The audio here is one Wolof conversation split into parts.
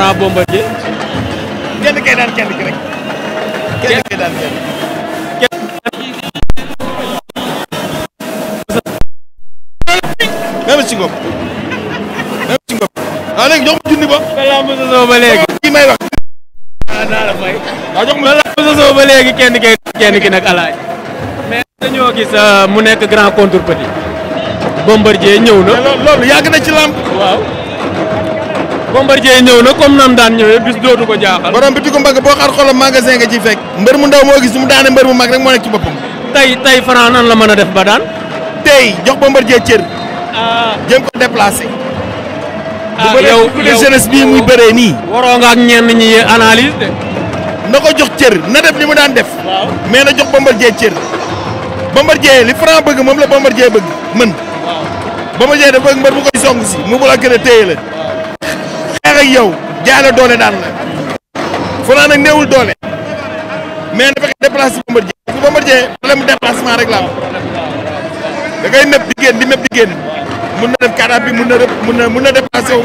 Franc Bombardier. kenn kay daan kenn ki rek. Ah, ma junni ba. a ah, la fay. Ah, ma balaa mos a soo ba léegi kenn kay kenn ki nag alaaj. mais dañoo gis mu nekk grand contre petit. Bombardier ñëw loolu yàgg ci làmb. Bombardier ñëw na comme nam daan ñëwee bis dootu ko jaaxal. borom bi di ko mbagg boo xaar xolam magasin nga ciy fekk. mbër mu ndaw moo gis mu daane mbër mu mag rek moo nekk ci boppam. tey tey Franc nan la mën a def ba daan. tey jox Bombardier cër. Ah. jëm ko déplacé. ah yow bu bëree jeunesse nii. waroo nga ak ñenn ñi analyse de. na ko jox cër na def li mu daan def. mais na jox Bombardier cër. Bombardier li Franc bëgg moom la Bombardier bëgg mën. Bombardier dafa bëgg la. ak yow jaay la doole daan la Franc nag néewul doole mais dafa déplacé Bombardier parce que Bombardier problème déplacement rek la am da ngay nëb di génn di nëb di mun na def kàddaa bi mun na mun na mun na déplacé wu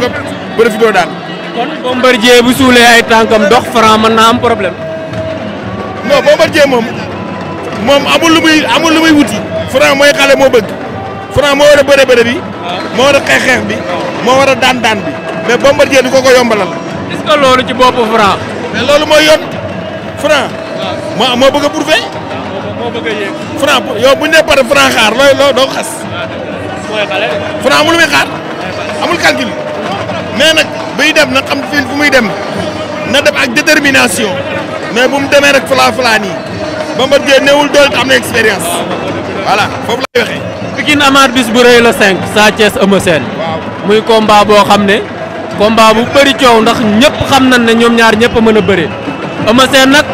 nga bu suulee ay tànkam dox Franc mën naa am problème. non Bombardier moom moom amul lu muy amul lu muy wuti Franc mooy xale moo bëgg Franc moo war a bëre moo war a xeex xeex bi moo war a daan daan bi mais Bombardier du ko ko yombalal. est loolu mooy yoon Franc. moo bëgg moo bëgg a yegg. Franc yow bu ñu nee pare Franc xaar looy doo xas. mooy amul muy xaar. amul calcul. mais nag buy dem na xam fi fu muy dem na dem ak détermination mais bu mu demee rek falaa falaa nii Bombardier néewul doole te am na expérience voilà foofu lay waxee. Pikine amaat bu rëy la 5 Sa Thiès muy komba boo xam ne combat bu bëri coow ndax ñëpp xam nañ ne ñoom ñaar ñëpp a mën a bëre Eumeu Sène nag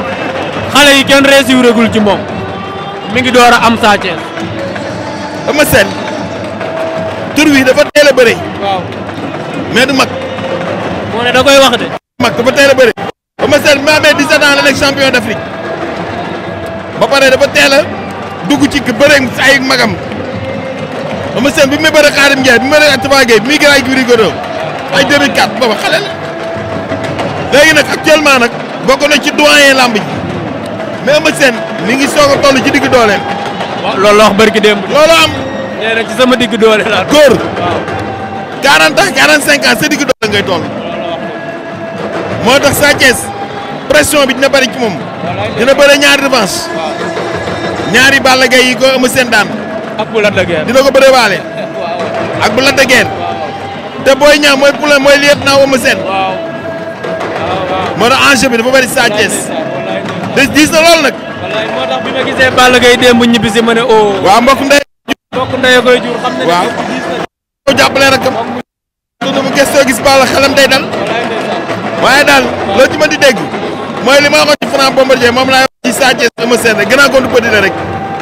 xale yi kenn réussiragul ci moom mi ngi door a am Sa Thiès. Eumeu Sène tur wi dafa teel a bëre. waaw mais du mag. moo ne da koy wax de. mag dafa teel a ma amee 17 ans la nekk champion d'Afrique ba pare dafa teel dugg ci bëre ay magam. Eumeu Sène bi mu may bëre Khadim Ndiaye bi mu may bëre Tapha Gueye bi muy gën a ay Gris Bordeaux ay 2004 xale la léegi nag actuellement nag bokk na ci doyen lamb ji mais Eumeu Sène mi ngi soog a toll ci digg doole waaw loolu la wax barki démb. loolu am. ci sama digg doole laa. góor waaw. 40 ans 45 ans sa digg doole ngay toll. moo tax Sa Thiès pression bi dina bëri ci moom. dina bëri ñaari revanche. ñaari Balla Gaye yi ko Eumeu Sène daan. ak bu dina ko bëree waale. ak bu Lac de Guiers. te Boy Niang mooy poulain mooy liet naa Eumeu Sène. waaw waaw. moo tax na lool nag. wallaay ma gisee Balla oh. mbokk ndey. mbokk ndey koy jur xam rek. mu gëstoo gis Balla xelam day dal. waaye daal loo ci di dégg. mooy li ma waxoon ci moom laa wax ci Sa Thiès Eumeu Sène rek gannaaw góor ñu rek.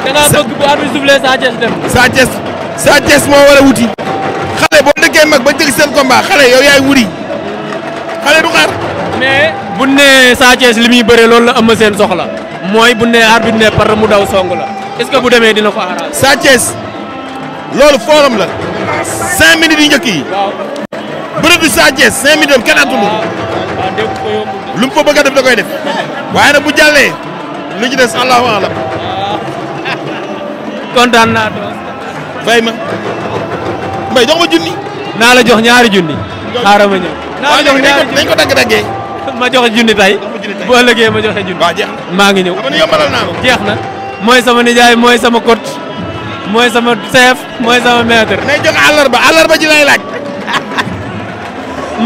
da ngaa Sa Thiès dem. moo war a wuti. xale boo dëkkee mag ba jël seen combat xale yow yaay wuri xale du xaar. bu ne Sa Thiès li muy bëree loolu la am seen soxla mooy bu ne arbitre ne par mu daw song la est ce bu demee dina ko arrangé. loolu forum la. cinq minutes yi. waaw bërëb bi Sa Thiès cinq minutes am kenn attunu ko. lu mu ko bëgg a def da koy def. waaye nag bu alam kontaan naa doon. fay ma mbay jox ma junni. naa la jox ñaari junni. xaaral ma ñëw. naa la junni dañ ko dagg daggee. ma joxe junni tey. boo ëllëgee ma joxe junni. maa ngi ñëw. xam yombalal jeex na mooy sama nijaay mooy sama kot mooy sama chef mooy sama maître. nay joxe àllarba àllarba ji lay laaj.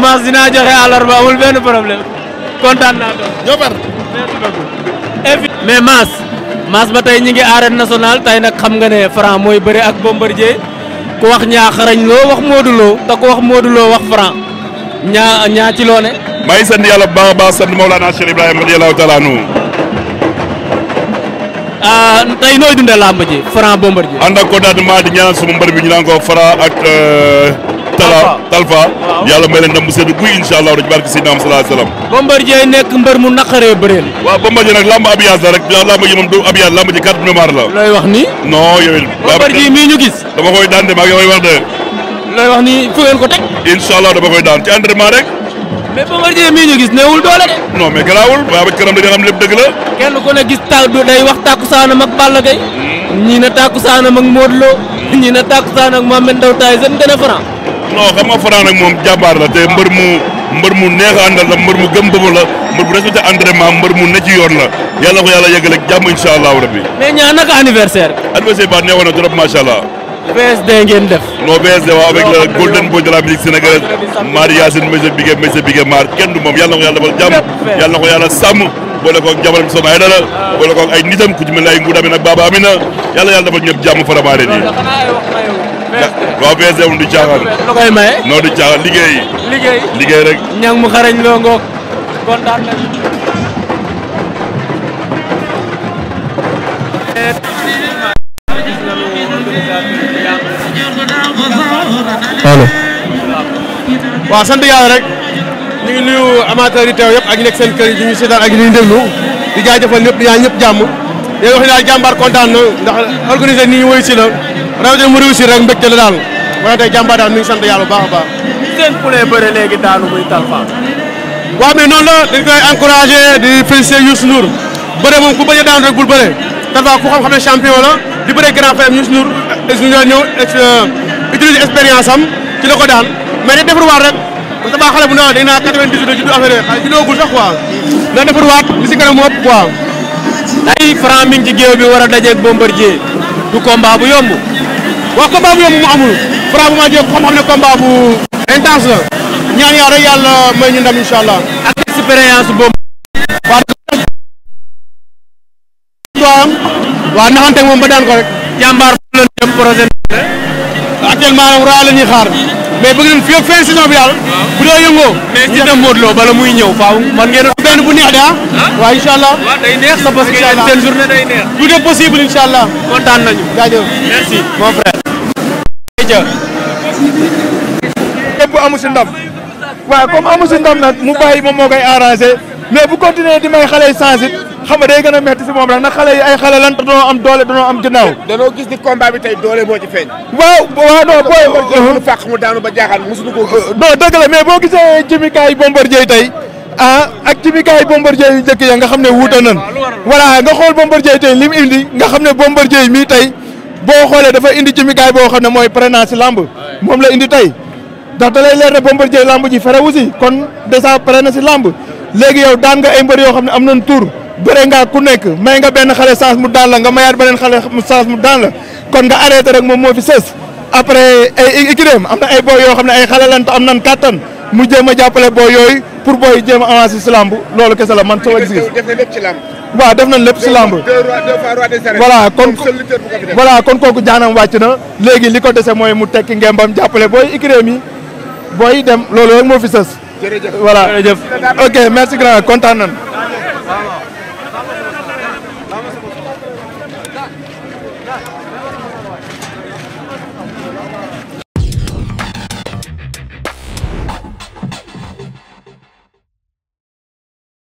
mas dinaa joxe àllarba amul benn problème kontaan naa doon. ñoo far. merci beaucoup. mais mas. Mass ba tey ñi ngi arène nationale tey nag xam nga ne Franc mooy bëri ak Bombardier ku wax ñaa xarañ loo wax Modou Lo te ku wax Modou Lo wax Franc ñaa ci loo ne. maa ngi sant yàlla bu baax a baax sant Mawlana Cheikh Ibrahima radiyallahu taala anhu. Ah, tey nooy dundee làmb ji Franc Bombardier. ànd ak kontaan di ñaanal suma mbër bi ñu naan ko Franc ak. Euh, Tala Talfa yàlla may leen ndam bu sedd buy incha allah rajo barke Seydina nekk mbër mu naqaree bëreel. waaw Bombardier nag lamb abiyaas la rek lamb ji moom du abiyaas lamb ji carte noire la. looy wax ni. non yow it. Bombardier mii ñu gis. dama koy daan de maa ngi koy wax de. looy wax ni fu ngeen ko teg. incha allah dama koy daan ci entraînement rek. mais Bombardier mii gis néewul doole de. non mais garaawul waaw ba kanam dañuy dëgg la. kenn ne na hmm. tàkku saanam ak Modou Lo hmm. ñii na tàkku a non xam nga Franc moom jàmbaar la te mbër mu mbër mu neex àndal la mbër mu gëm boppam la mbër mu respecté entraînement mbër mu ne yoon la yàlla ko yàlla yëgal ak jàmm incha rabbi. mais ñaa naka anniversaire. anniversaire ba neexoon na trop macha allah. BSD ngeen def. non BSD waaw avec le golden boy de la musique sénégalaise Mar Yacine monsieur Bigué monsieur Bigué Mar kenn du moom yàlla na ko yàlla defal jàmm yàlla na ko yàlla sàmm. boole koog jabaram boole koog ay nitam ku waaw BSD moom du caaxaan. la koy liggéey. rek. ñang mu xarañ loo ngoog kontaan nañu. yi teew yëpp ak ñu nekk seen kër yi ñu seetaan ak ñu ngi déglu di jaajëfal ñëpp di ñaan ñëpp jàmm. yéen wax daal jàmbaar kontaan na ndax organiser nii woy si la. rawatina mu réussir rek mbégte la daal ma ne tey jàmbaar sant yàlla bu baax a baax. seen poulet bëre léegi daanu muy Talfa. waaw mais noonu la dañ koy encouragé di félicité Youssou Ndour bëre moom ku bañ a daanu rek bul bëre Talfa ku xam-xam ne champion la di bëre grand frère Youssou Ndour Youssou ci la ko daan mais dañ defarwaat rek parce que ba xale bu ndaw dañ naa 98 la juddu affaire yi ci doogul sax quoi na defarwaat li si kanam moo ëpp quoi. tey Franc mi ngi ci géew bi war a dajeeg Bombardier du combat bu yomb wax combat bu yomb mu amul Franc bu ma jël xam-xam bu intense la ñaan yaa rek may ñu ndam incha ak expérience boobu. waa doyam moom ba daan ko rek. jàmbaar bu leen jëm projet actuellement nag Royal la ñuy xaar. mais bëgg nañ fii ak fin saison bi daal. bu doo yëngoo. mais dina Modou Lo bala muy ñëw faaw man ngeen doon benn bu neex de ah. ah. waaw incha allah. waaw day neex sa bés. incha allah seen journée day allah. kontaan nañu. jaajëf merci mon frère. jërëjëf. képp amu si ndam. waaw comme amu si ndam nag mu bàyyi moom moo koy arrangé. mais bu continuer di may xale yi chance xam day gën a metti si moom rek nag xale yi ay xale lan te danoo am doole danoo am ginnaaw. danoo gis ni combat bi tey doole moo uh-huh. ba jaaxal mosuñu ko gis. non boo gisee jimikaay Bombardier tey ah ak jimikaay Bombardier yu njëkk ya nga xam ne wuute nañ. voilà nga xool Bombardier tey li mu indi nga xam ne Bombardier mii tey boo xoolee dafa indi jimikaay boo xam ne mooy prénance lamb moom la indi tey ndax da lay leer ne Bombardier lamb ji fere wu si kon déjà pare na si lamb léegi yow daan nga ay mbër yoo xam ne am nañ tur bëre nga ku nekk may nga benn xale chance mu daan la nga mayaat beneen xale chance mu daan la kon nga arrêté rek moom moo fi sës après ay écuréem am na ay booy yoo xam ne ay xale lan am nan kattan mu jéem a jàppale booy yooyu pour booy jéem a avancé si loolu kese la man soo gis waaw def nañ lépp si lamb voilà kon voilà kon kooku jaanam wàcc na léegi li ko dese mooy mu tekki ngembam jàppale booy écuréem yi booy dem loolu rek moo fi sës jërëjëf voilà jërëjëf ok merci grand kontaan nañ